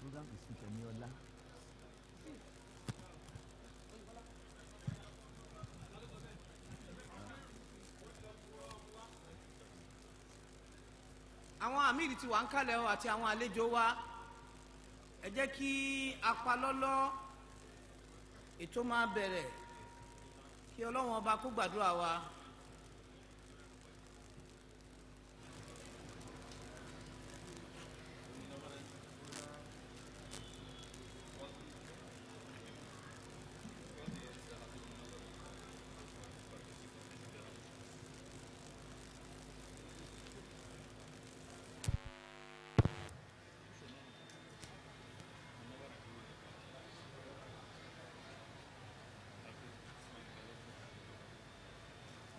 program is with Eniola. àwọn amíìrì tí wà ń kalẹ̀ o àti àwọn àlejò wa ẹ jẹ́ kí apalọ́lọ́ ètò máa bẹ̀rẹ̀ kí ọlọ́wọ́n ọba kó gbàdúrà wa.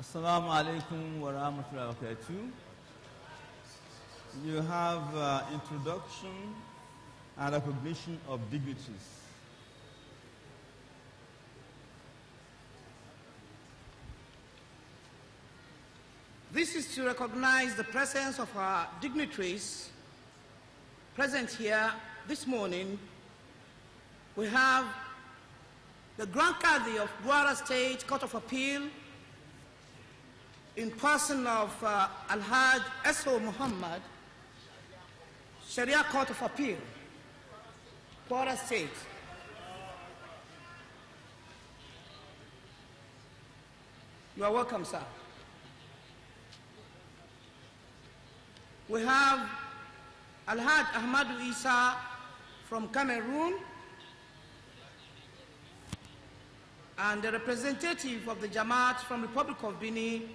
Assalamu alaikum wa rahmatullahi wa You have uh, introduction and recognition of dignities. This is to recognize the presence of our dignitaries present here this morning. We have the Grand Cadi of Guara State Court of Appeal, in person of uh, Al-Hajj S.O. Muhammad, Sharia Court of Appeal, Kwara State. You are welcome, sir. We have Al-Hajj Ahmadu Isa from Cameroon, and the representative of the Jamaat from Republic of Benin,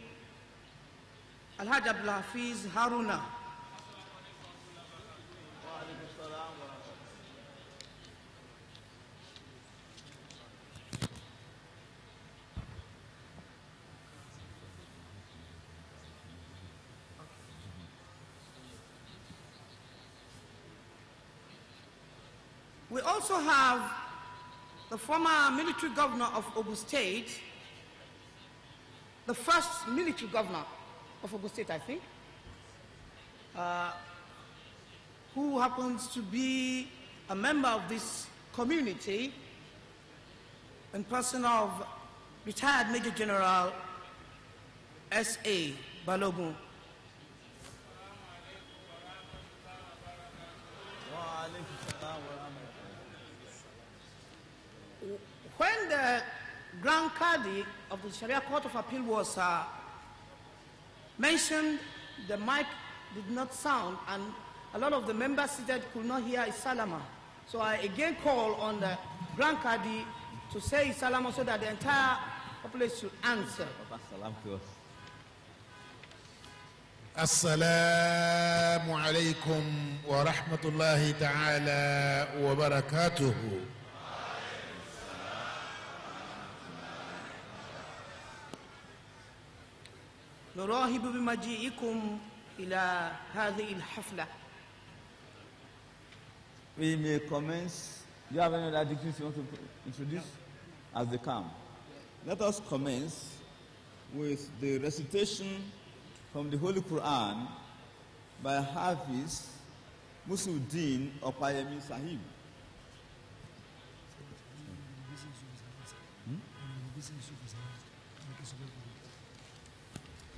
Alhaji Abdul Hafiz Haruna. We also have the former military governor of Obu State, the first military governor of Ogun State, I think, uh, who happens to be a member of this community and person of retired Major General S.A. Balogun. When the Grand Cadi of the Sharia Court of Appeal was uh, mentioned, the mic did not sound, and a lot of the members seated could not hear Isalama. So I again call on the Grand Kadi to say Isalama so that the entire population should answer. Assalamu alaikum wa rahmatullahi ta'ala wa barakatuhu. نراهب بمجيئكم إلى هذه الحفلة. We may commence. Do you have any other dignitaries you want to introduce as they come? Let us commence with the recitation from the Holy Quran by Hafiz Musuddin Opayemi Sahib. Hmm?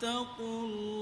فاتقوا الله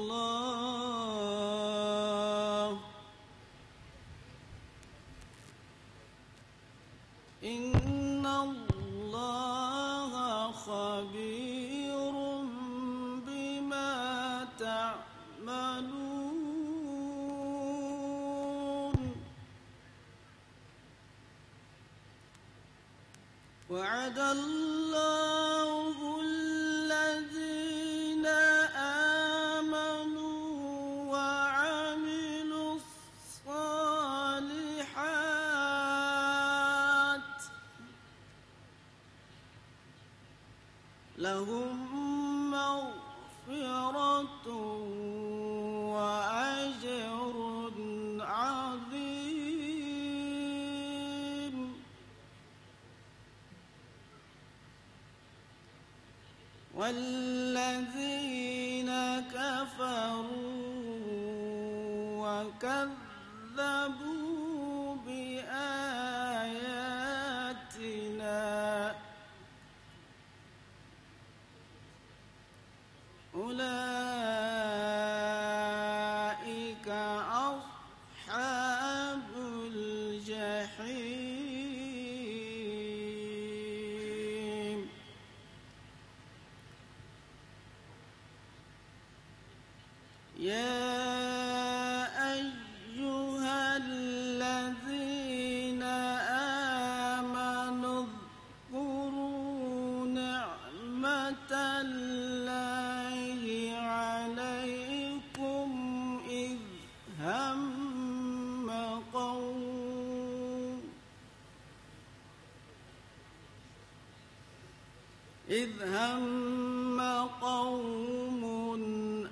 إذ هم قوم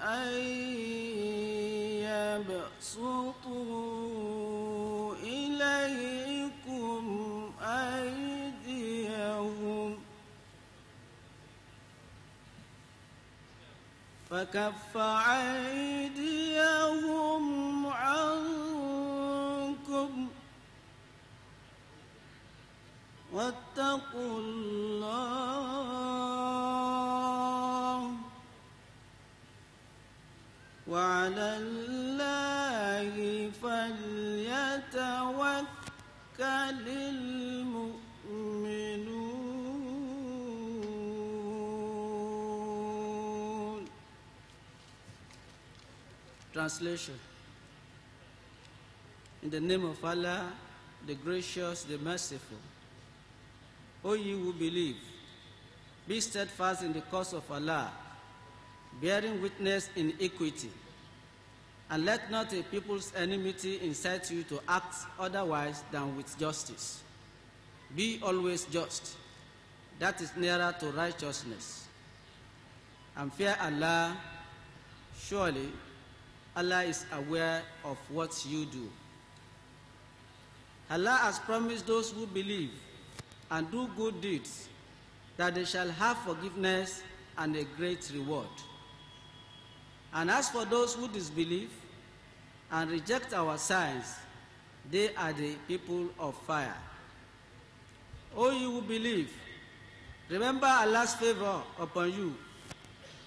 أن يبسطوا إليكم أيديهم فكف أيديهم عنكم واتقوا الله Translation In the name of Allah, the gracious, the merciful, O ye who believe, be steadfast in the cause of Allah, bearing witness in equity, and let not a people's enmity incite you to act otherwise than with justice. Be always just. That is nearer to righteousness. And fear Allah, surely Allah is aware of what you do. Allah has promised those who believe and do good deeds that they shall have forgiveness and a great reward. And as for those who disbelieve and reject our signs, they are the people of fire. O you who believe, remember Allah's favor upon you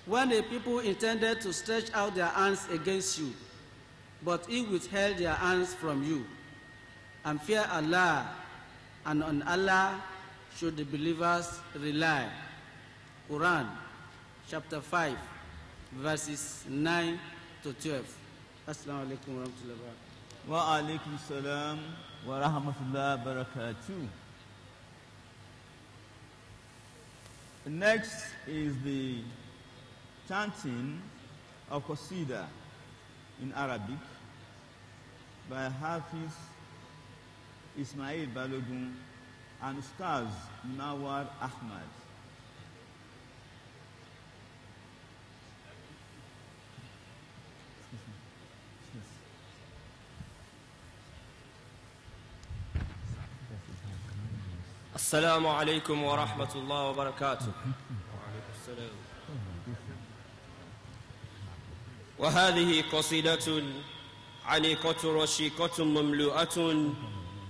when the people intended to stretch out their hands against you, but he withheld their hands from you. And fear Allah, and on Allah should the believers rely. Quran chapter 5, verses 9 to 12. Assalamu alaikum wa rahmatullahi wa alaikum salam wa rahmatullahi wa barakatuh. Next is the chanting of Qasida in Arabic by Hafiz Ismail Balogun and Ustaz Nawar Ahmad. السلام عليكم wa الله wa وعليكم السلام وهذه قصيدة عليقة رشيقة مملوءة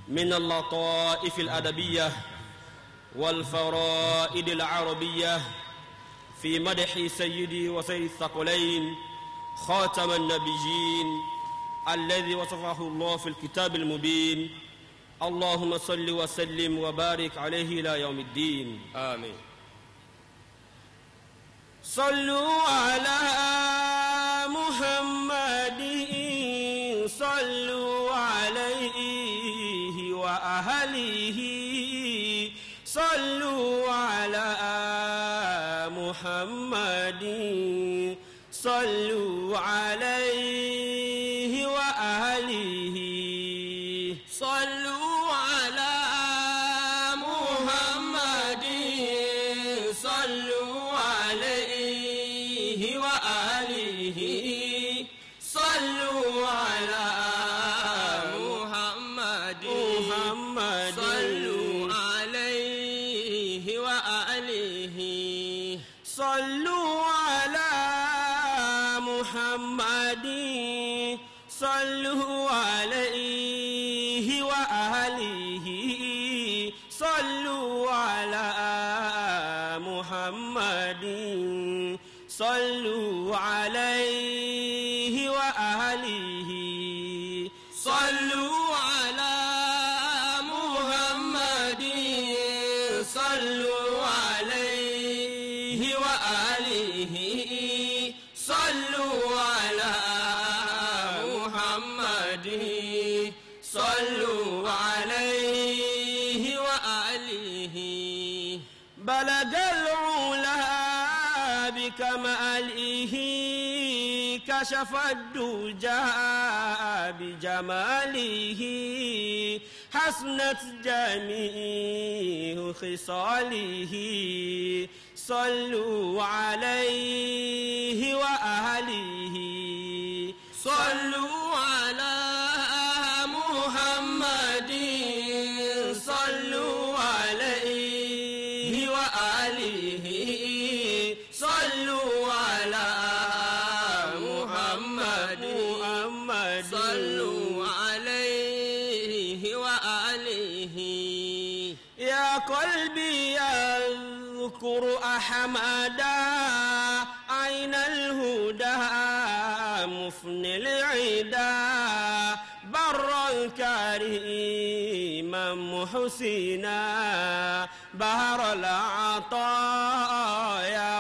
من اللطائف الأدبية والفرائد العربية في مدح سيدي وسيد الثقلين خاتم النبيين الذي وصفه الله في الكتاب المبين اللهم صل وسلم وبارك عليه إلى يوم الدين آمين صلوا على محمد صلوا عليه وآله عليه حسنت جميع خصاله صلوا عليه وأهله صلوا عليه واذكر أحمدا عين الهدى مفن العدا برا كريما محسنا بهر العطايا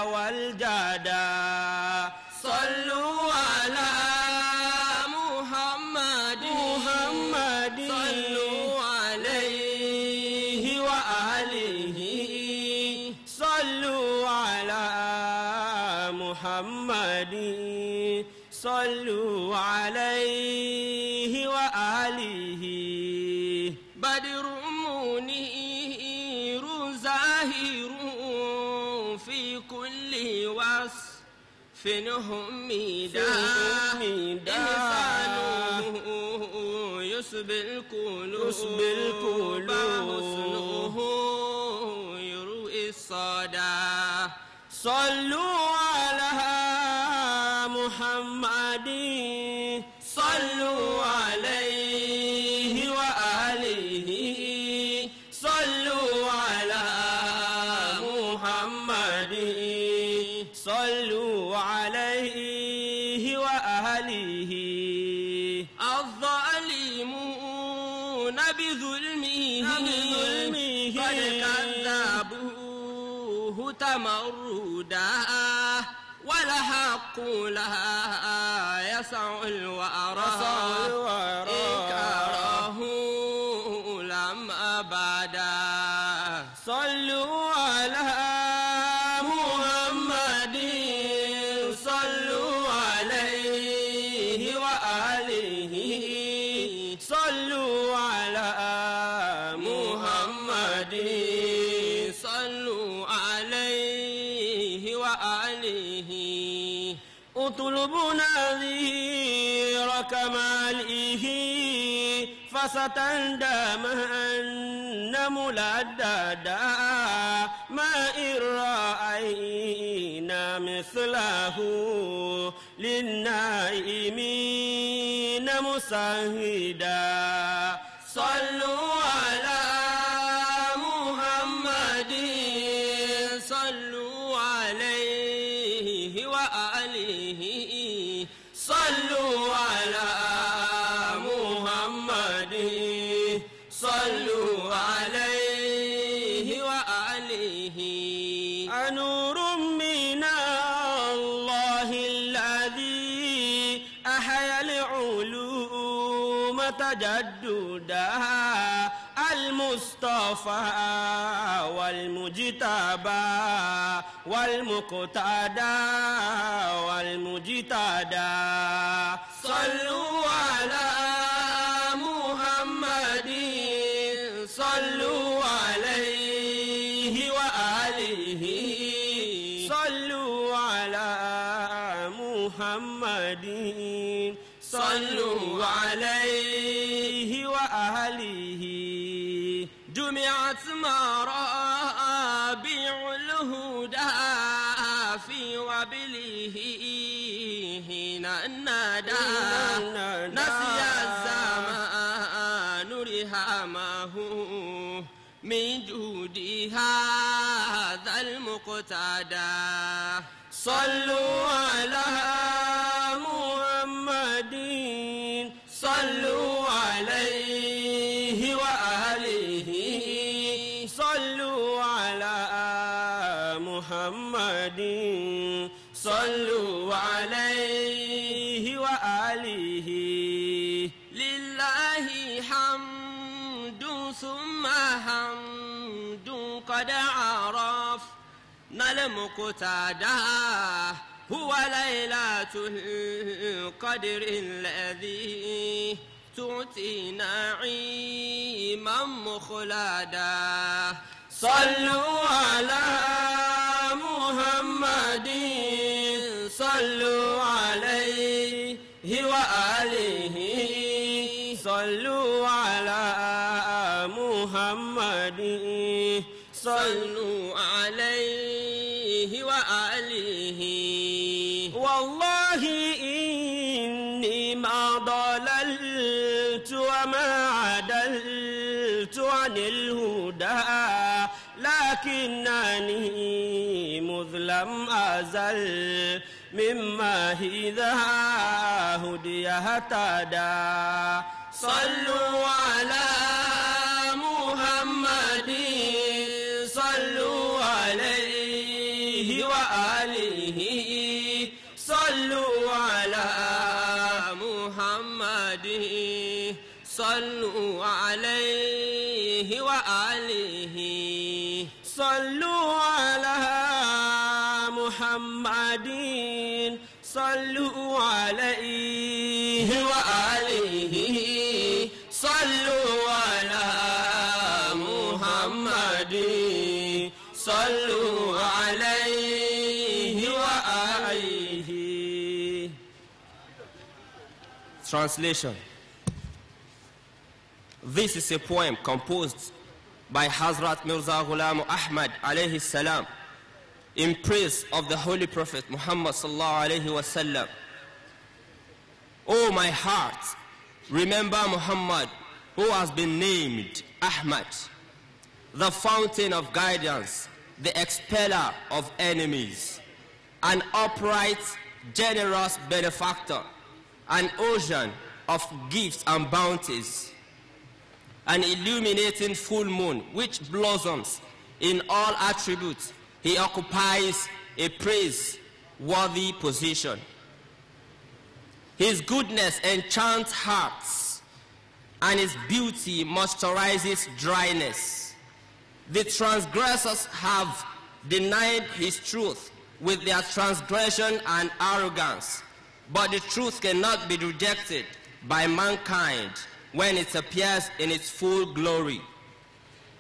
فنهم ميدا إنسان يسبي القلوب لها يسع الورى إكراه لم أبدا صلوا على محمد صلوا عليه وآله صلوا عليه فستن دام أن ملددا ما إن رأينا مثله للنائمين مسهدا المقتدى والمجتدى أحدا صلوا على محمد صلوا عليه وآله صلوا على محمد صلوا مقتادها هو ليلة القدر الذي تعطي نعيما مخلدا صلوا على محمد صلوا عليه وآله صلوا على محمد صلوا لم أزل مما إذا هدي هتدا صلوا على محمد صلوا عليه وآله صلوا على محمد صلوا عليه وآله صلوا صلوا عليه وآله صلوا على محمد صلوا عليه وآله Translation This is a poem composed by Hazrat Mirza Ghulam Ahmad alayhi salam in praise of the Holy Prophet Muhammad sallallahu wasallam. Oh my heart, remember Muhammad who has been named Ahmad, the fountain of guidance, the expeller of enemies, an upright, generous benefactor, an ocean of gifts and bounties, an illuminating full moon which blossoms in all attributes he occupies a praiseworthy position. His goodness enchants hearts, and his beauty moisturizes dryness. The transgressors have denied his truth with their transgression and arrogance, but the truth cannot be rejected by mankind when it appears in its full glory.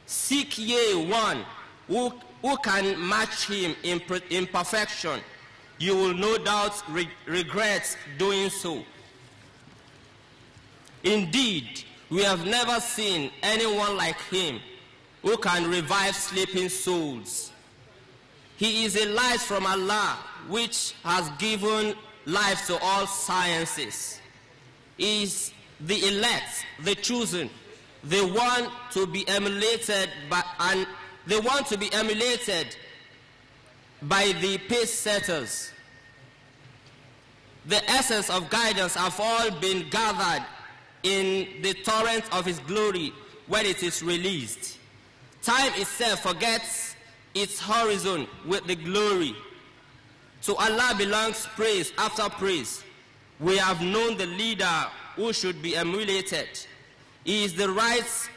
Seek ye one who who can match him in, perfection, you will no doubt re regret doing so. Indeed, we have never seen anyone like him who can revive sleeping souls. He is a light from Allah, which has given life to all sciences. He is the elect, the chosen, the one to be emulated by, and they want to be emulated by the pace setters. The essence of guidance have all been gathered in the torrent of his glory when it is released. Time itself forgets its horizon with the glory. To Allah belongs praise after praise. We have known the leader who should be emulated. He is the rights,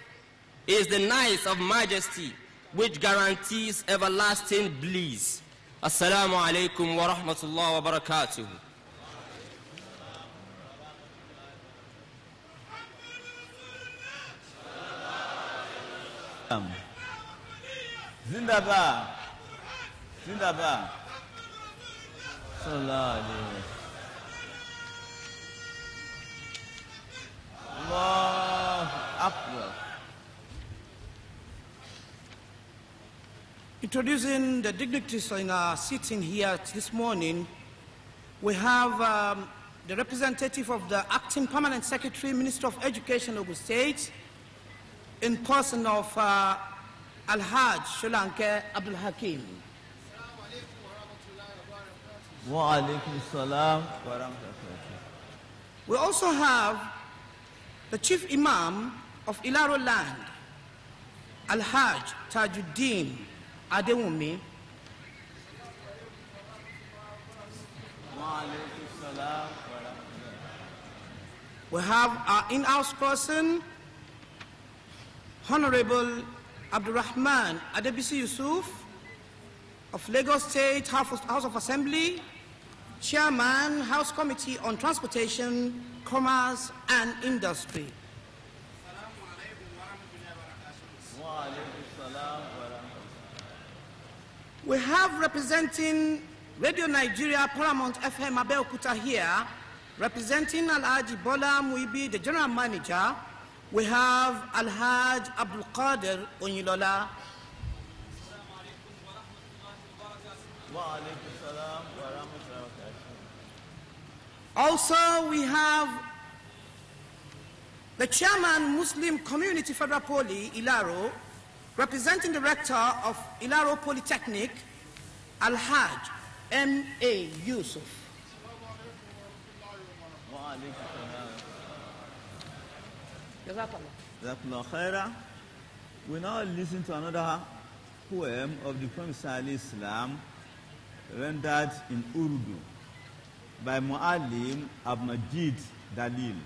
he is the knight of majesty which guarantees everlasting bliss. Assalamu alaikum wa rahmatullahi wa barakatuh. Zindabad. Zindabad. Sallallahu Akbar. Introducing the dignitaries in our sitting here this morning, we have um, the representative of the acting permanent secretary, Minister of Education, Ogun State, in person of uh, Al-Haj Shulanke Abdul Hakim. Wa salam We also have the chief imam of Ilaro land, Al-Haj Tajuddin adéwùnmí. We have our in-house person, Honorable Abdurrahman Adebisi Yusuf of Lagos State House of Assembly, Chairman, House Committee on Transportation, Commerce and Industry. We have representing Radio Nigeria Paramount FM Abeokuta here, representing Alhaji Bola Muibi, the general manager. We have Al-Hajj Abdul Qadir Onyilola. Also, we have the chairman Muslim Community Federal Poly, Ilaro, Representing the rector of Ilaro Polytechnic, al M.A. Yusuf. We now listen to another poem of the Prophet Islam rendered in Urdu by Muallim Abmajid Dalil.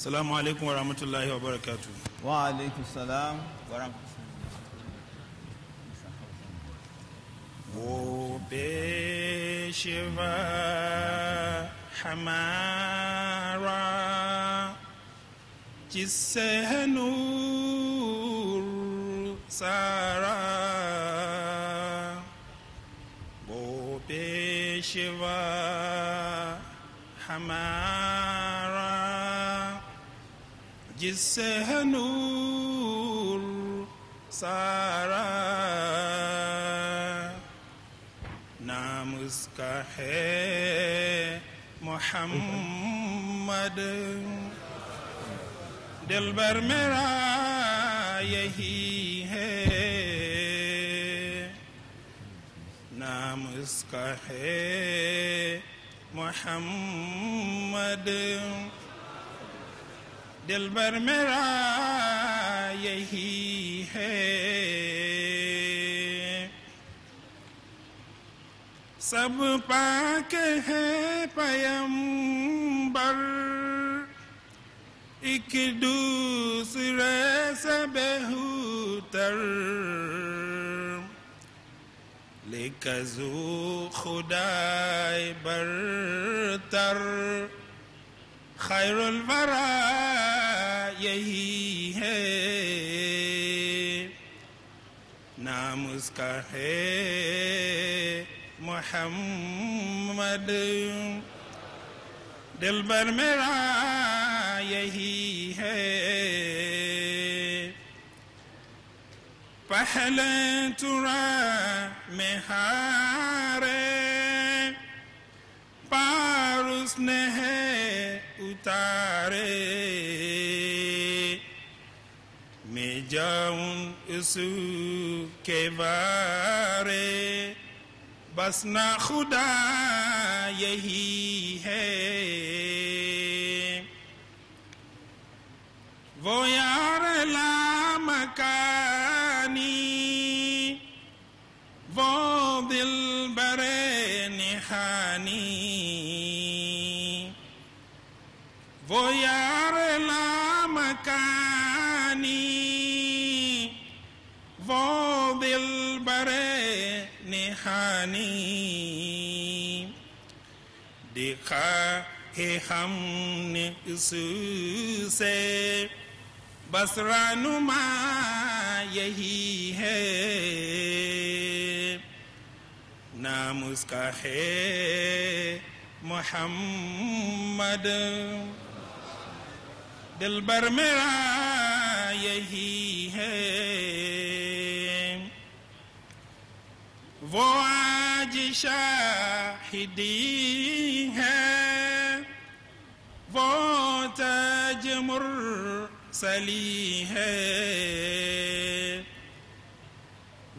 السلام عليكم ورحمة الله وبركاته وعليكم السلام ورحمة الله وبركاته حمارا جسه نور سارا وبشفا جس سے ہے نور سارا نام اس کا ہے محمد دل بر میرا یہی ہے نام اس کا ہے محمد دل بر میرا یہی ہے سب پاک ہے پیم بر دوسرے سے بہتر لیکزو خدا برتر خیر خیرول یہی ہے نام اس کا ہے محمد دلبر میرا یہی ہے پہلے چورا میں ہار پار اس نے ہے اتارے جاؤں اس کے بارے نہ خدا یہی ہے وہ یار لام کا وہ دل برے نہانی وہ یار لام کا دیکھا ہے ہم نے اس سے بس رانما یہی ہے نام اس کا ہے محمد دلبر میرا یہی ہے فواج شاهديها فوتاج مرسليها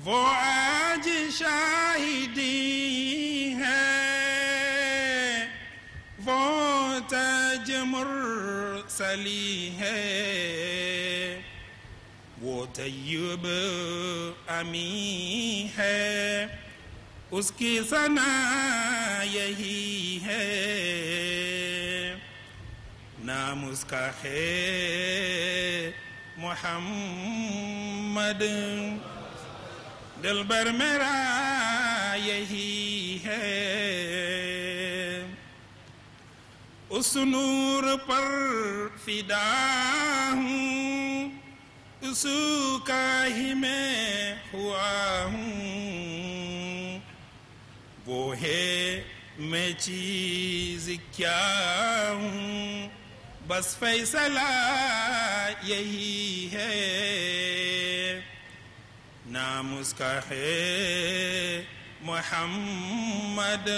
فواج شاهديها فوتاج مرسليها وطيب أميها اس کی سنا یہی ہے نام اس کا ہے محمد دل بر میرا یہی ہے اس نور پر فدا ہوں اس کا ہی میں ہوا ہوں وہ ہے میں چیز کیا ہوں بس فیصلہ یہی ہے نام اس کا ہے محمد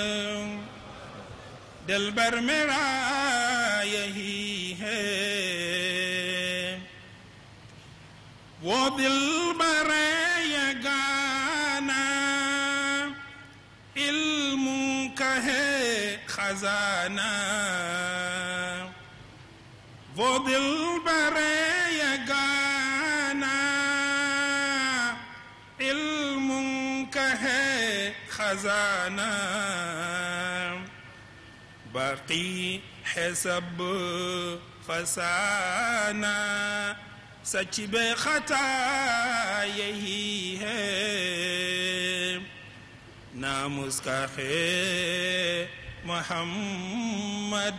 دلبر میرا یہی ہے وہ دل خزانہ وہ دل برے علم کا ہے خزانہ باقی ہے سب فسانہ سچ بے خطا یہی ہے نام اس کا خیر محمد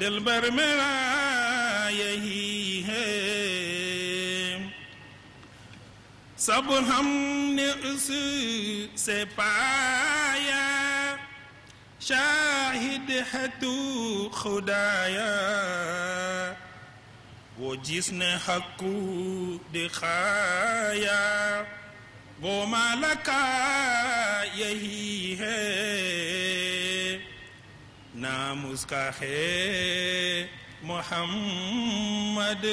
دل بر میرا یہی ہے سب ہم نے اس سے پایا شاہد ہے تو خدایا وہ جس نے کو دکھایا وہ ملکہ یہی ہے نام اس کا ہے محمد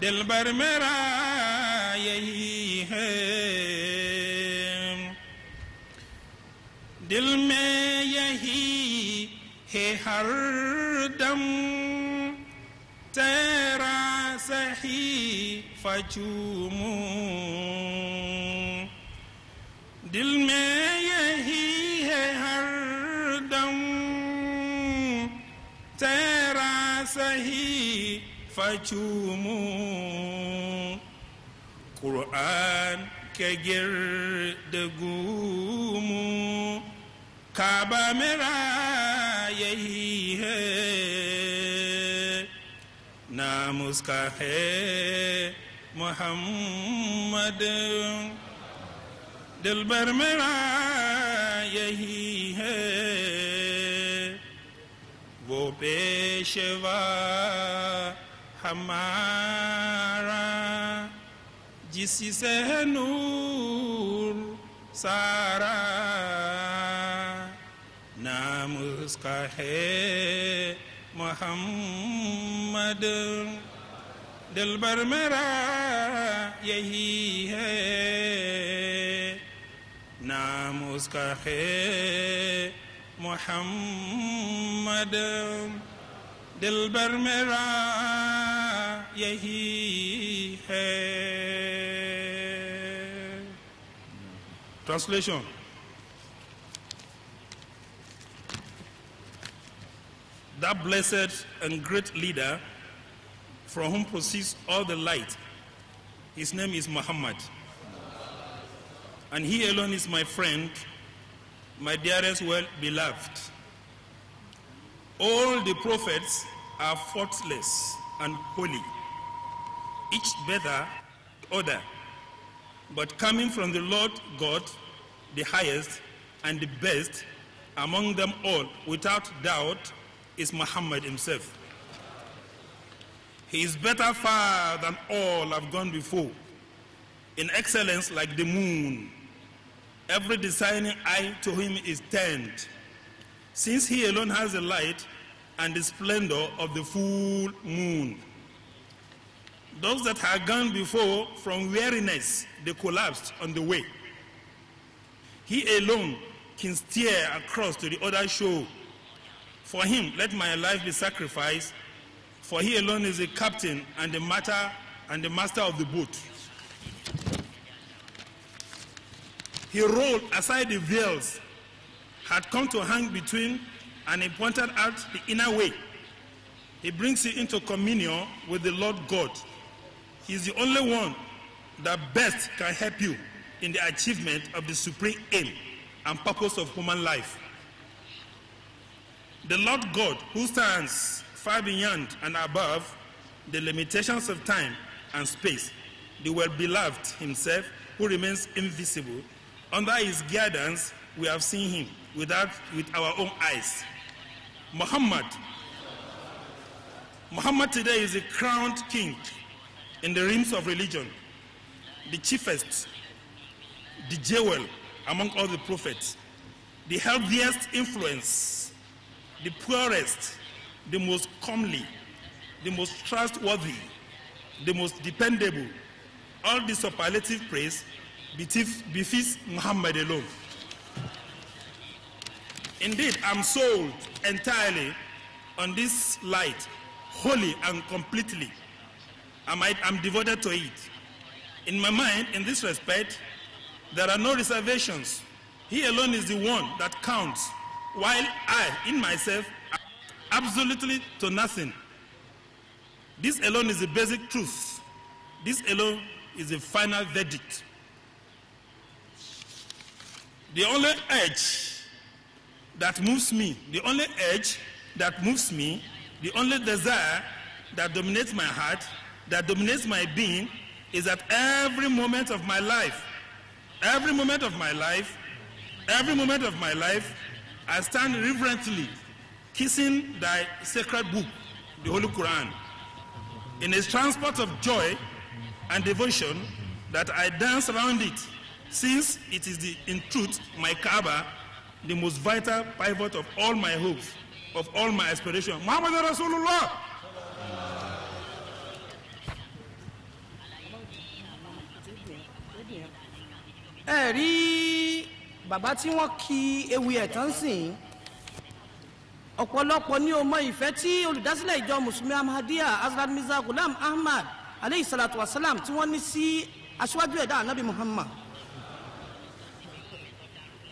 دل بر میرا یہی ہے دل میں یہی ہے ہر دم تیرا صحیح فچوموں दिल में यही है हर दम तेरा सही फचूमू कुरान के गिर्द घूमू काबा मेरा यही है नाम उसका है मोहम्मद دل بر میرا یہی ہے وہ پیشوا ہمارا جس سے ہے نور سارا نام اس کا ہے محمد دل بر میرا یہی ہے Translation: That blessed and great leader from whom proceeds all the light, his name is Muhammad. And he alone is my friend my dearest well beloved, all the prophets are faultless and holy, each better other, but coming from the Lord God, the highest and the best among them all, without doubt, is Muhammad himself. He is better far than all have gone before, in excellence like the moon Every designing eye to him is turned, since he alone has the light and the splendor of the full moon. Those that had gone before from weariness, they collapsed on the way. He alone can steer across to the other shore. For him, let my life be sacrificed, for he alone is the captain and the matter and the master of the boat. He rolled aside the veils had come to hang between and he pointed out the inner way. He brings you into communion with the Lord God. He is the only one that best can help you in the achievement of the supreme aim and purpose of human life. The Lord God, who stands far beyond and above the limitations of time and space, the well-beloved himself, who remains invisible, under his guidance, we have seen him with our own eyes. Muhammad. Muhammad today is a crowned king in the realms of religion, the chiefest, the jewel among all the prophets, the healthiest influence, the poorest, the most comely, the most trustworthy, the most dependable. All the superlative praise befits Muhammad alone. Indeed, I'm sold entirely on this light, wholly and completely. I am devoted to it. In my mind, in this respect, there are no reservations. He alone is the one that counts, while I, in myself, absolutely to nothing. This alone is the basic truth. This alone is the final verdict. The only edge that moves me, the only edge that moves me, the only desire that dominates my heart, that dominates my being, is that every moment of my life, every moment of my life, every moment of my life, I stand reverently kissing thy sacred book, the Holy Quran, in a transport of joy and devotion that I dance around it since it is the, in truth my Kaaba, the most vital pivot of all my hopes, of all my aspirations. Muhammad Rasulullah. ẹ rí bàbá tí wọ́n kí ewì ẹ̀ tán sìn ọ̀pọ̀lọpọ̀ ní ọmọ ìfẹ́ tí olùdásílẹ̀ ìjọ mùsùlùmí ahmadiyya azlan mirza gulam ahmad aleyhi salatu wa salam tí wọ́n ní sí aṣíwájú ẹ̀dá anabi muhammad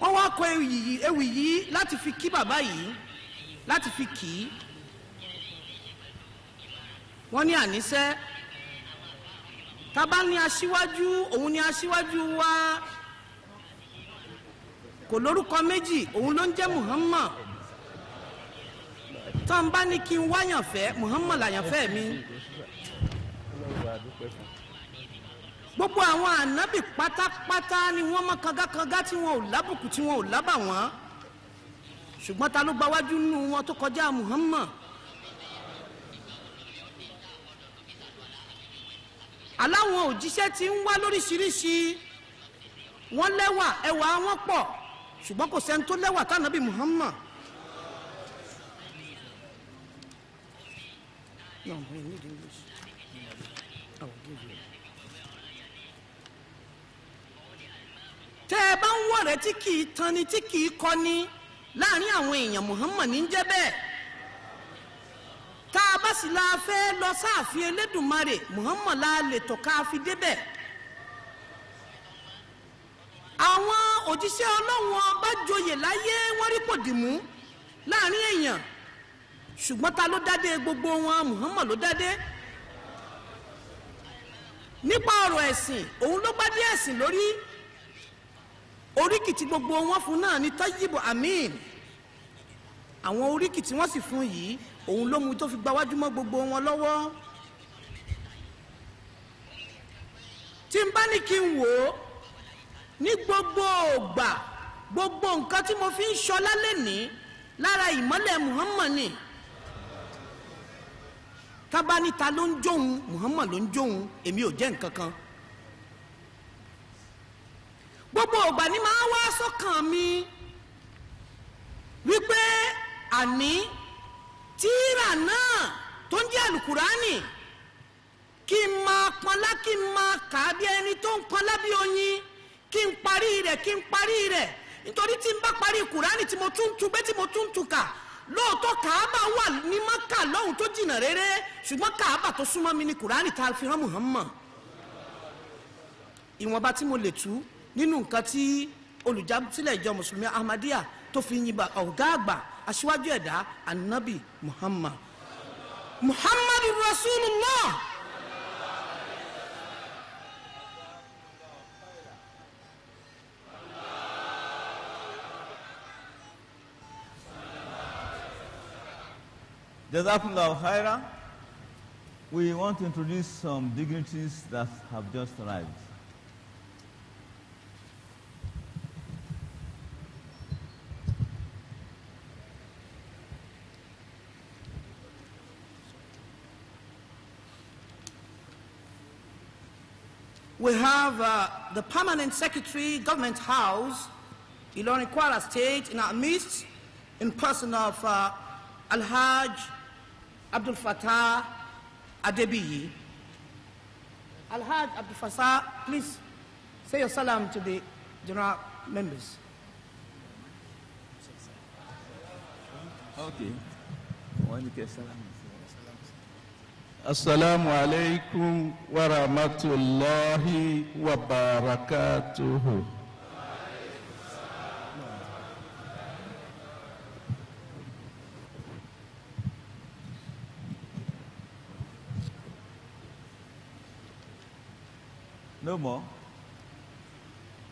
wọ́n wá kọ ewì yìí láti fi kí bàbá yìí láti fi kì í wọ́n ní àníṣe tábà ní aṣíwájú òun ní aṣíwájú wa kò lórúkọ méjì òun ló ń jẹ́ Muhammad tán bá ní kí n wáyàn fẹ́ Muhammad làyàn fẹ́ mi gbogbo àwọn ànábì pátápátá ni wọ́n mọ kangakanga tí wọn ò lábùkù tí wọn ò lábà wọ́n ṣùgbọ́n ta ló gba wájú nínú wọn tó kọjá Muhammad aláwọn òjíṣẹ́ tí ń wá lóríṣiríṣi wọ́n lẹ́wà ẹwà wọn pọ̀ ṣùgbọ́n kò sẹ́ni tó lẹ́wà tànàbí Muhammad No, tẹ́ ẹ bá ń wọ̀rẹ́ tí kì í tan ni tí kì í kọ́ ni láàrin àwọn èèyàn Muhammad ní jẹ́ bẹ́ẹ̀ tá a bá sì la fẹ́ lọ sáàfin Elédùmarè Muhammad la lè tọ̀ ká fi débẹ̀ àwọn òjíṣẹ́ Ọlọ́run ọba joyè láyé wọ́n rí pòdìmú láàrin èèyàn ṣùgbọ́n ta ló dádé gbogbo wọn Muhammad ló dádé nípa ọ̀rọ̀ ẹ̀sìn òun ló gbádé ẹ̀sìn lórí oríkì tí gbogbo wọn fún náà ni Tayyibu Amin àwọn oríkì tí wọ́n sì fún yìí òun ló mú tó fi gbawájú mọ́ gbogbo wọn lọ́wọ́ tí n bá ní kí n wò ó ní gbogbo ògbà gbogbo nǹkan tí mo fi ń ṣọlá lénìí lára ìmọ́lẹ̀ Muhammad ni tábánita ló ń jóun Muhammad ló ń jóun èmi ò jẹ́ nǹkan kan gbogbo ìgbà ni máa wá sọ́kàn mi wípé àní tíra náà tó ń jẹ́ àlùkùránì kí n máa pọnlá kí n máa kà á bí ẹni tó ń pọnlá bí oyin kí n parí rẹ̀ kí n parí rẹ̀ nítorí tí n bá parí kùránì tí mo tún tu gbé tí mo tún tu kà lóòótọ́ kàábà wà ní mọ́kà lọ́hùn tó jìnnà rere ṣùgbọ́n kàábà tó súnmọ́ mi ní kùránì tá a fi hàn Muhammad ìwọ̀nba tí mo lè tú nínú nǹkan tí olùjásílẹ̀ ìjọ mùsùlùmí ahmadiyya tó fi yin ọ̀gá àgbà aṣíwájú ẹ̀dá anabi muhammad muhammadu rasulullah. Jazakumullah khaira. We want to introduce some dignitaries that have just arrived. the Permanent Secretary, Government House, Ilorin Kwara State, in our midst, in person of uh, Abdul Fattah Adebiyi. Alhaj Abdul Fattah, please say your salam to the general members. Okay. One salam. Assalamu alaikum wa rahmatullahi wa barakatuhu. No more.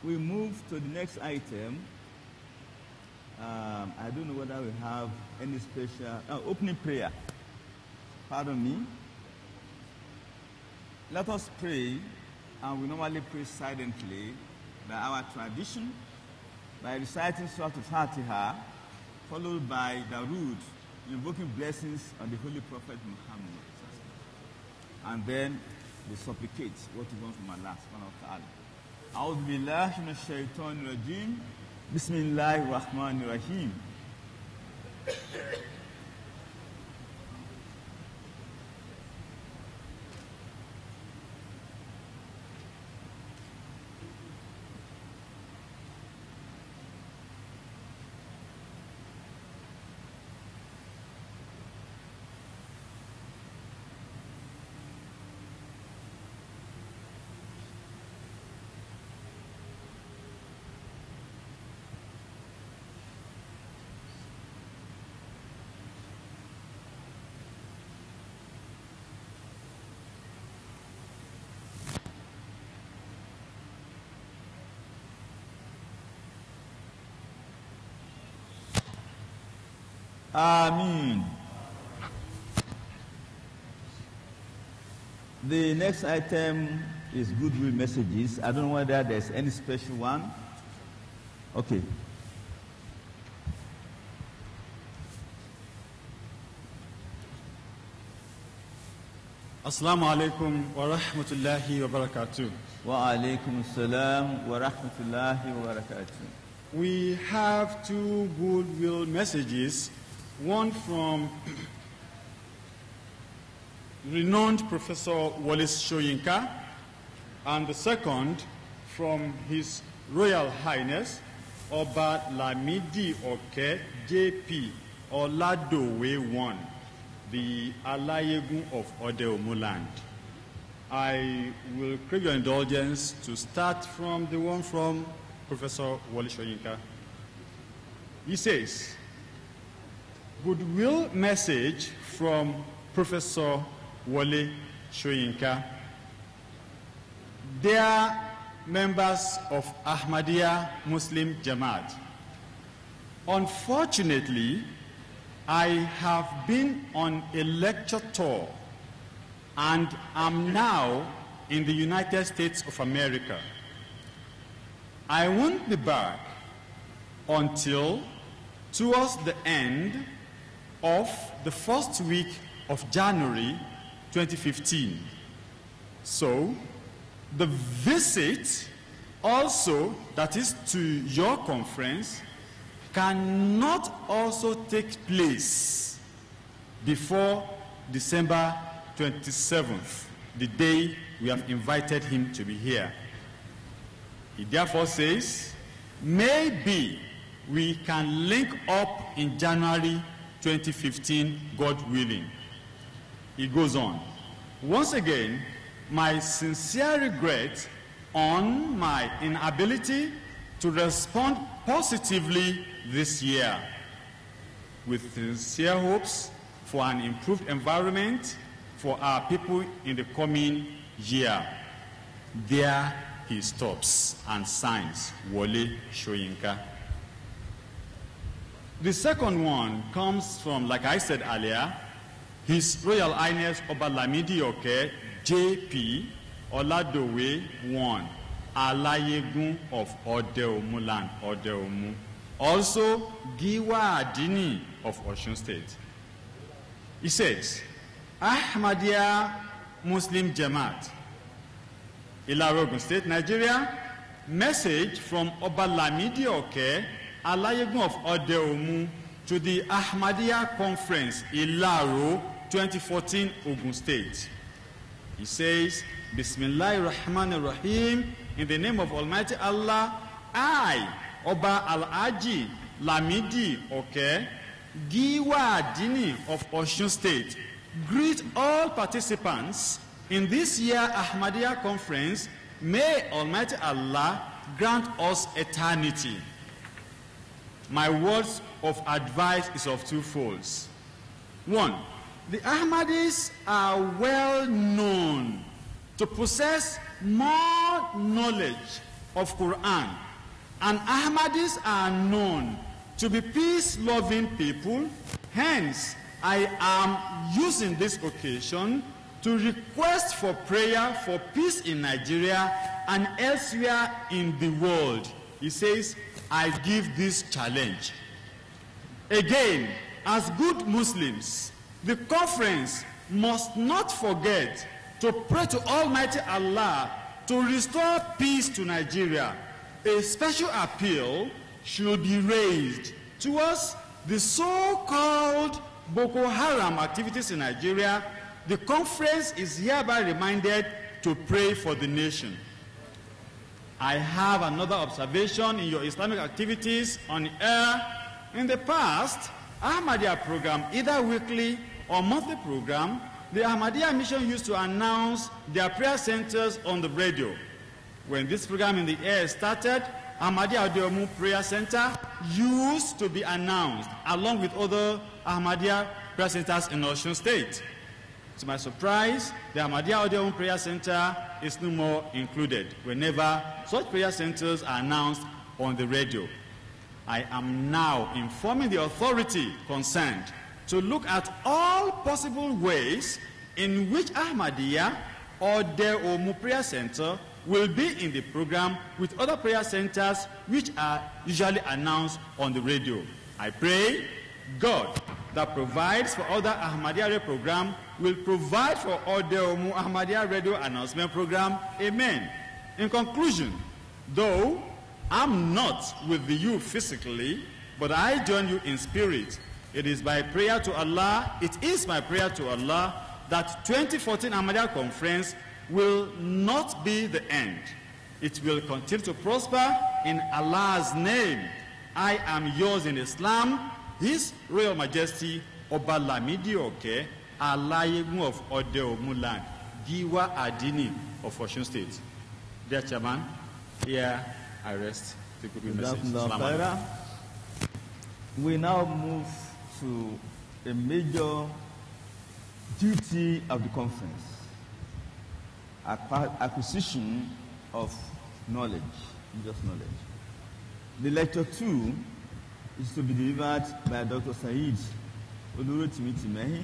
We move to the next item. Um, I don't know whether we have any special uh, opening prayer. Pardon me. Let us pray, and we normally pray silently by our tradition, by reciting Surah Al-Fatiha, followed by the Darood, invoking blessings on the Holy Prophet Muhammad. And then we supplicate what we want from Allah subhanahu wa ta'ala. أعوذ بالله من الشيطان الرجيم بسم الله الرحمن الرحيم Amen. The next item is goodwill messages. I don't know whether there's any special one. Okay. Assalamu alaikum wa rahmatullahi wa barakatuh. Wa alaikum assalam wa rahmatullahi wa barakatuh. We have two goodwill messages one from renowned Professor Wallace Shoyinka, and the second from His Royal Highness Oba Lamidi Oke JP Oladowe One, the Alayegun of Odeomuland. I will crave your indulgence to start from the one from Professor Wallace Shoyinka. He says, goodwill message from Professor Wale Shoyinka. Dear members of Ahmadiyya Muslim Jamaat, unfortunately, I have been on a lecture tour and am now in the United States of America. I won't be back until towards the end of the first week of January 2015. So, the visit also, that is to your conference, cannot also take place before December 27th, the day we have invited him to be here. He therefore says, maybe we can link up in January 2015, God willing. He goes on. Once again, my sincere regret on my inability to respond positively this year with sincere hopes for an improved environment for our people in the coming year. There he stops and signs Wole Shoyinka. The second one comes from, like I said earlier, His Royal Highness Obalamidi Oke, J.P. Oladowe I, Alayegun of Odeomu Land, Odeomu. Also, Giwa Adini of Osun State. He says, Ahmadiyya Muslim Jamaat, Ilarogun State, Nigeria, message from Obalamidi Oke, Alayegun of Odeomu to the Ahmadiyya Conference Ilaro 2014 Ogun State. He says, Bismillahir Rahmanir Rahim, in the name of Almighty Allah, I, Oba Alhaji Lamidi Oke, Giwa Adini of Osun State, greet all participants in this year Ahmadiyya Conference. May Almighty Allah grant us eternity. My words of advice is of two folds. One, the Ahmadis are well known to possess more knowledge of Quran. And Ahmadis are known to be peace-loving people. Hence, I am using this occasion to request for prayer for peace in Nigeria and elsewhere in the world. He says, I give this challenge. Again, as good Muslims, the conference must not forget to pray to Almighty Allah to restore peace to Nigeria. A special appeal should be raised towards the so-called Boko Haram activities in Nigeria. The conference is hereby reminded to pray for the nation. I have another observation in your Islamic activities on air. In the past, Ahmadiyya program, either weekly or monthly program, the Ahmadiyya mission used to announce their prayer centers on the radio. When this program in the air started, Ahmadiyya Adeomu Prayer Center used to be announced along with other Ahmadiyya prayer centers in Osun State. To my surprise, the Ahmadiyya Odeon Prayer Center is no more included whenever such prayer centers are announced on the radio. I am now informing the authority concerned to look at all possible ways in which Ahmadiyya or their Omu Prayer Center will be in the program with other prayer centers which are usually announced on the radio. I pray God that provides for other Ahmadiyya program will provide for all Odeomu Ahmadiyya radio announcement program. Amen. In conclusion, though I'm not with you physically, but I join you in spirit. It is by prayer to Allah, it is my prayer to Allah that 2014 Ahmadiyya Conference will not be the end. It will continue to prosper in Allah's name. I am yours in Islam, His Royal Majesty Obalamidi Oke. Okay? Alayegun of Ode Omu land, Giwa Adini of Osun State. Dear Chairman, here I rest. The good message. We now move to a major duty of the conference acquisition of knowledge, just knowledge. The lecture two is to be delivered by Dr. Said Olurotimi Timehi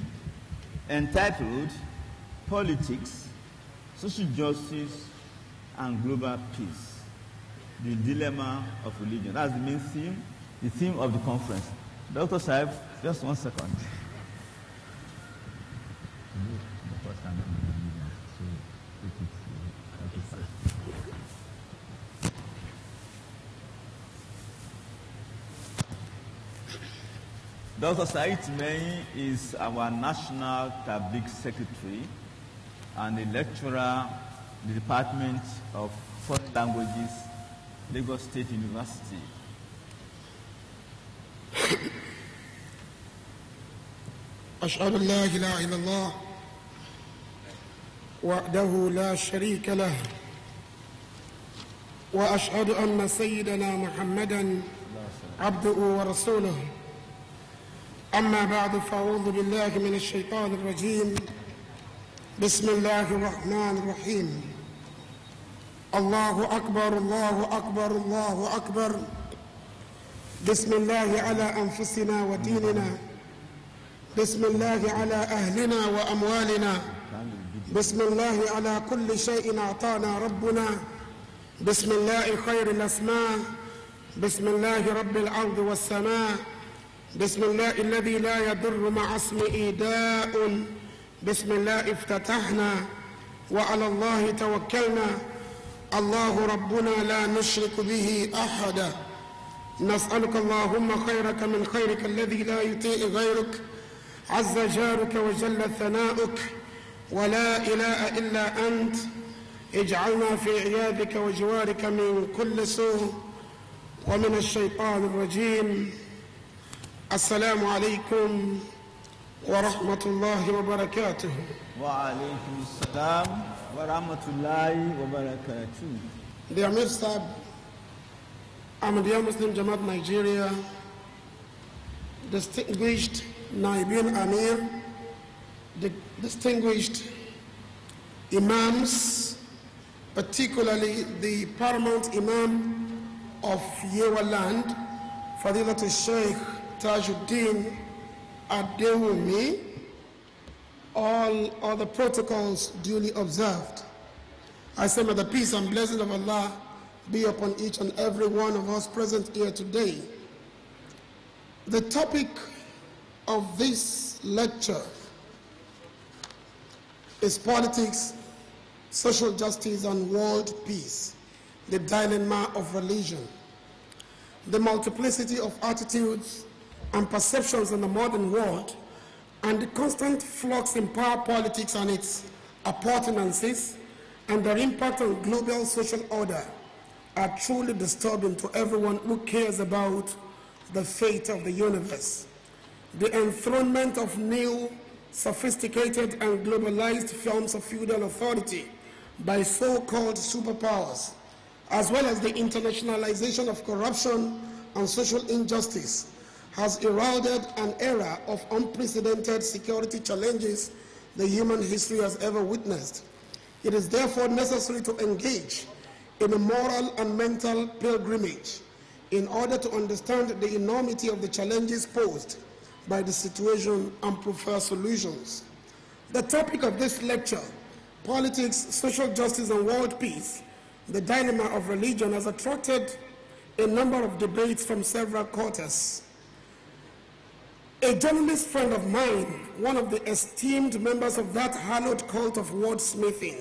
entitled Politics, Social Justice, and Global Peace The Dilemma of Religion. That's the main theme, the theme of the conference. Dr. Saib, just one second. Dr. Said May is our National Public Secretary and a lecturer in the Department of Foreign Languages, Lagos State University. أشهد أن لا إله إلا الله وحده لا شريك له وأشهد أن سيدنا محمدا عبده ورسوله أما بعد فأعوذ بالله من الشيطان الرجيم بسم الله الرحمن الرحيم الله أكبر الله أكبر الله أكبر بسم الله على أنفسنا وديننا بسم الله على أهلنا وأموالنا بسم الله على كل شيء أعطانا ربنا بسم الله خير الأسماء بسم الله رب الأرض والسماء بسم الله الذي لا يضر مع اسمه داء بسم الله افتتحنا وعلى الله توكلنا الله ربنا لا نشرك به احدا نسالك اللهم خيرك من خيرك الذي لا يطيء غيرك عز جارك وجل ثناؤك ولا اله الا انت اجعلنا في عيادك وجوارك من كل سوء ومن الشيطان الرجيم السلام عليكم ورحمة الله وبركاته وعليكم السلام ورحمة الله وبركاته Dear Mirsab, Ahmadiyya Muslim Jamaat Nigeria, distinguished Naibin Amir, distinguished Imams, particularly the paramount Imam of Yewa land, Fadilatul Sheikh Tajuddin Adewumi, all other protocols duly observed. I say may the peace and blessing of Allah be upon each and every one of us present here today. The topic of this lecture is politics, social justice, and world peace, the dilemma of religion, the multiplicity of attitudes and perceptions in the modern world and the constant flux in power politics and its appurtenances and their impact on global social order are truly disturbing to everyone who cares about the fate of the universe. The enthronement of new, sophisticated, and globalized forms of feudal authority by so-called superpowers, as well as the internationalization of corruption and social injustice, has eroded an era of unprecedented security challenges the human history has ever witnessed. It is therefore necessary to engage in a moral and mental pilgrimage in order to understand the enormity of the challenges posed by the situation and prefer solutions. The topic of this lecture, politics, social justice and world peace, the dilemma of religion has attracted a number of debates from several quarters a journalist friend of mine, one of the esteemed members of that hallowed cult of wordsmithing,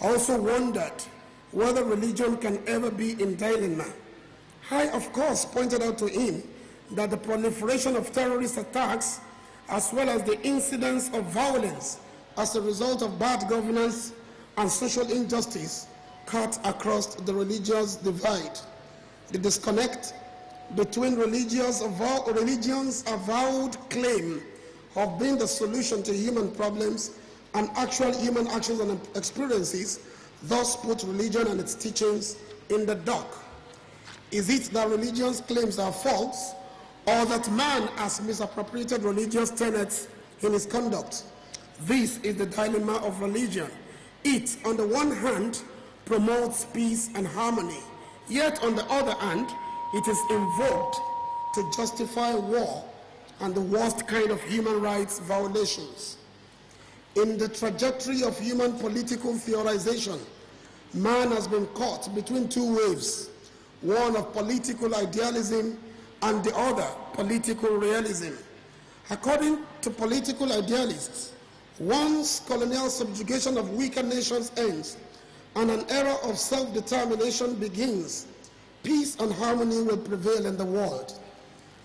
also wondered whether religion can ever be in dilemma. I, of course, pointed out to him that the proliferation of terrorist attacks, as well as the incidence of violence as a result of bad governance and social injustice, cut across the religious divide. The disconnect between religious religions' avowed claim of being the solution to human problems and actual human actions and experiences, thus put religion and its teachings in the dock. Is it that religion's claims are false, or that man has misappropriated religious tenets in his conduct? This is the dilemma of religion. It, on the one hand, promotes peace and harmony, yet on the other hand, it is invoked to justify war and the worst kind of human rights violations. In the trajectory of human political theorization, man has been caught between two waves, one of political idealism and the other political realism. According to political idealists, once colonial subjugation of weaker nations ends and an era of self-determination begins, peace and harmony will prevail in the world.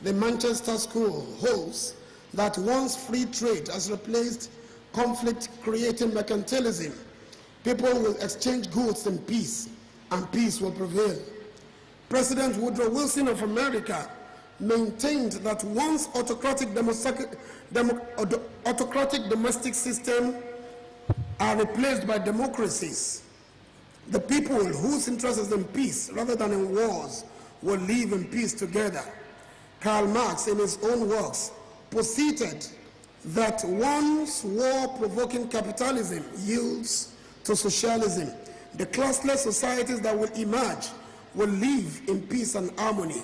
The Manchester School holds that once free trade has replaced conflict creating mercantilism, people will exchange goods in peace and peace will prevail. President Woodrow Wilson of America maintained that once autocratic, autocratic domestic system are replaced by democracies, the people whose interest is in peace rather than in wars will live in peace together. Karl Marx, in his own works, posited that once war-provoking capitalism yields to socialism, the classless societies that will emerge will live in peace and harmony.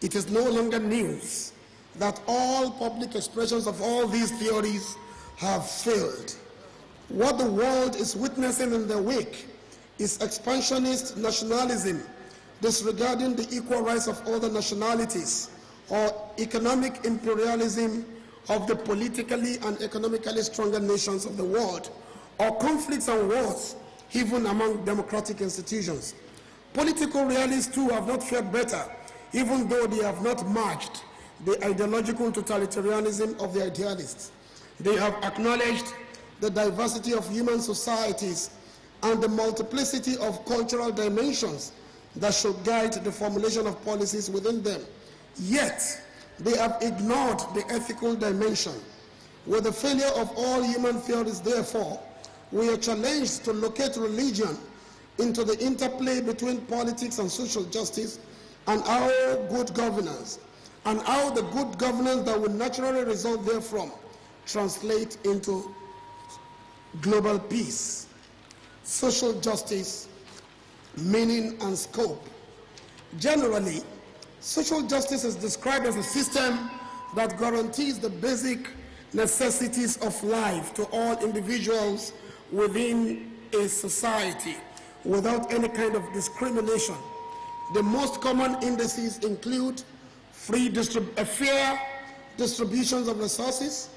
It is no longer news that all public expressions of all these theories have failed. What the world is witnessing in the wake is expansionist nationalism disregarding the equal rights of other nationalities or economic imperialism of the politically and economically stronger nations of the world or conflicts and wars even among democratic institutions. Political realists too have not fared better even though they have not matched the ideological totalitarianism of the idealists. They have acknowledged the diversity of human societies and the multiplicity of cultural dimensions that should guide the formulation of policies within them. Yet, they have ignored the ethical dimension. With the failure of all human theories, therefore, we are challenged to locate religion into the interplay between politics and social justice and our good governance, and how the good governance that will naturally result therefrom translate into global peace social justice, meaning and scope. Generally, social justice is described as a system that guarantees the basic necessities of life to all individuals within a society without any kind of discrimination. The most common indices include free distrib fair distributions of resources,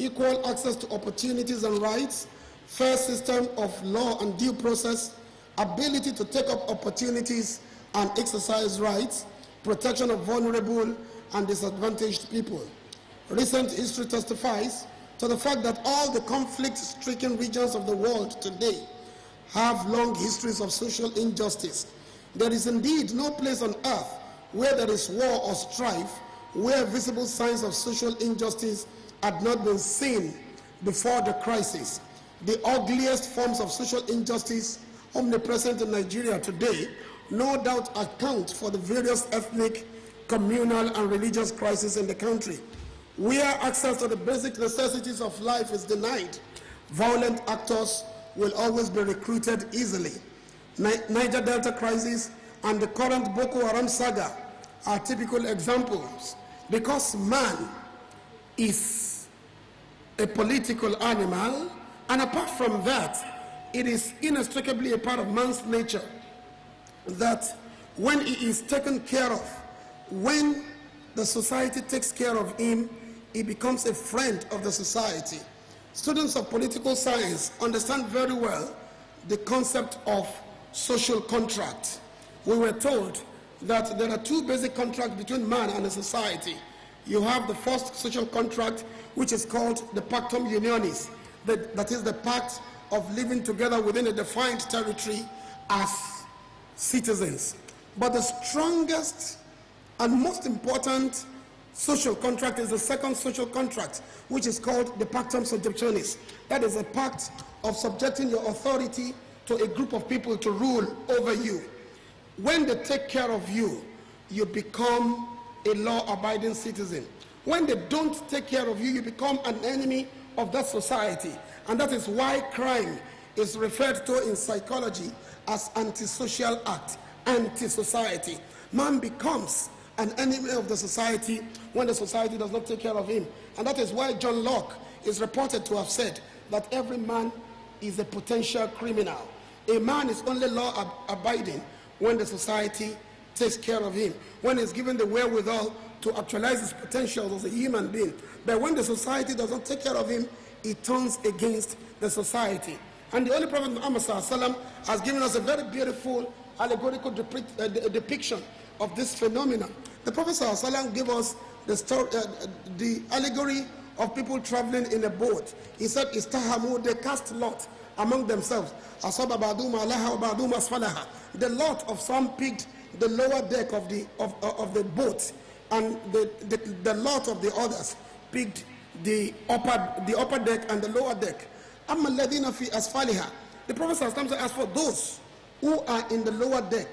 equal access to opportunities and rights, fair system of law and due process, ability to take up opportunities and exercise rights, protection of vulnerable and disadvantaged people. Recent history testifies to the fact that all the conflict-stricken regions of the world today have long histories of social injustice. There is indeed no place on earth where there is war or strife, where visible signs of social injustice had not been seen before the crisis the ugliest forms of social injustice omnipresent in Nigeria today no doubt account for the various ethnic, communal, and religious crises in the country, where access to the basic necessities of life is denied. Violent actors will always be recruited easily. Niger Delta crisis and the current Boko Haram saga are typical examples because man is a political animal and apart from that, it is inextricably a part of man's nature that when he is taken care of, when the society takes care of him, he becomes a friend of the society. Students of political science understand very well the concept of social contract. We were told that there are two basic contracts between man and a society. You have the first social contract, which is called the pactum unionis, that is the pact of living together within a defined territory as citizens. But the strongest and most important social contract is the second social contract, which is called the Pactum Subjectionis. That is a pact of subjecting your authority to a group of people to rule over you. When they take care of you, you become a law-abiding citizen. When they don't take care of you, you become an enemy of that society. And that is why crime is referred to in psychology as antisocial act, anti-society. Man becomes an enemy of the society when the society does not take care of him. And that is why John Locke is reported to have said that every man is a potential criminal. A man is only law ab abiding when the society takes care of him, when he's given the wherewithal to actualize his potentials as a human being. But when the society does not take care of him, he turns against the society. And the Holy Prophet Muhammad has given us a very beautiful allegorical uh, depiction of this phenomenon. The Prophet gave us the, story, uh, the allegory of people traveling in a boat. He said, Istahamu, they cast lot among themselves. The lot of some picked the lower deck of the, of, uh, of the boat and the, the, the lot of the others picked the upper, the upper deck and the lower deck. Amaladina fi asfaliha. The Prophet sometimes asked for those who are in the lower deck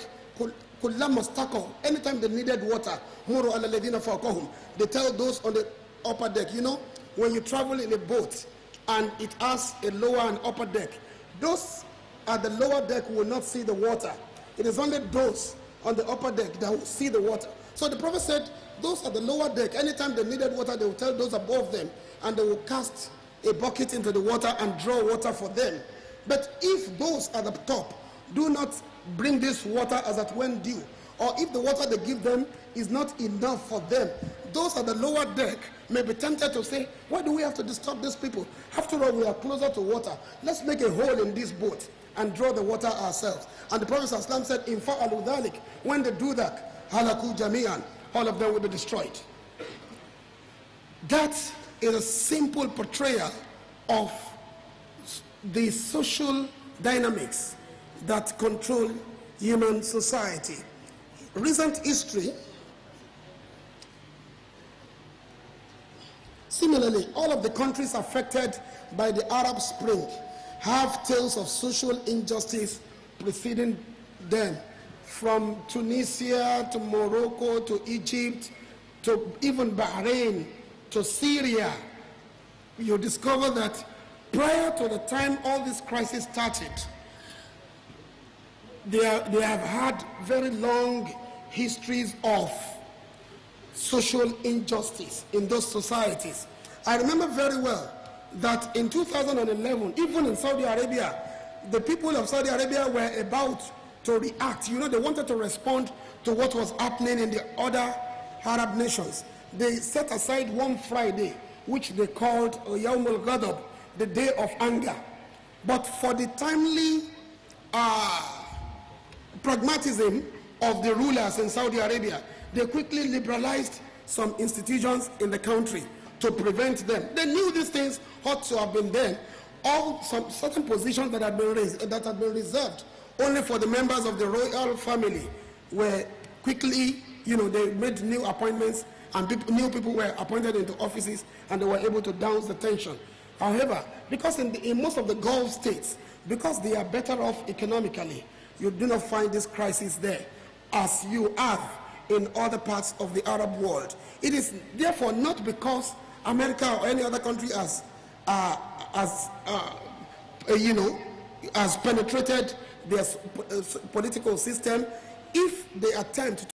anytime they needed water They tell those on the upper deck you know when you travel in a boat and it has a lower and upper deck those at the lower deck will not see the water it is only those on the upper deck that will see the water so the prophet said, those at the lower deck, anytime they needed water, they would tell those above them, and they will cast a bucket into the water and draw water for them. But if those at the top do not bring this water as at when due, or if the water they give them is not enough for them, those at the lower deck may be tempted to say, Why do we have to disturb these people? After all, we are closer to water. Let's make a hole in this boat and draw the water ourselves. And the Prophet said, In fa'alu dhalik, when they do that, halaku jami'an. All of them will be destroyed. That is a simple portrayal of the social dynamics that control human society. Recent history, similarly, all of the countries affected by the Arab Spring have tales of social injustice preceding them from Tunisia to Morocco to Egypt to even Bahrain to Syria, you discover that prior to the time all this crisis started, they, are, they have had very long histories of social injustice in those societies. I remember very well that in 2011, even in Saudi Arabia, the people of Saudi Arabia were about to react. You know, they wanted to respond to what was happening in the other Arab nations. They set aside one Friday, which they called Yawm al Ghadab, the day of anger. But for the timely uh, pragmatism of the rulers in Saudi Arabia, they quickly liberalized some institutions in the country to prevent them. They knew these things ought to have been there, All some certain positions that had been raised, that had been reserved only for the members of the royal family were quickly, you know, they made new appointments and people, new people were appointed into offices and they were able to down the tension. However, because in, the, in most of the Gulf states, because they are better off economically, you do not find this crisis there as you have in other parts of the Arab world. It is therefore not because America or any other country has, uh, has uh, you know, has penetrated their uh, political system if they attempt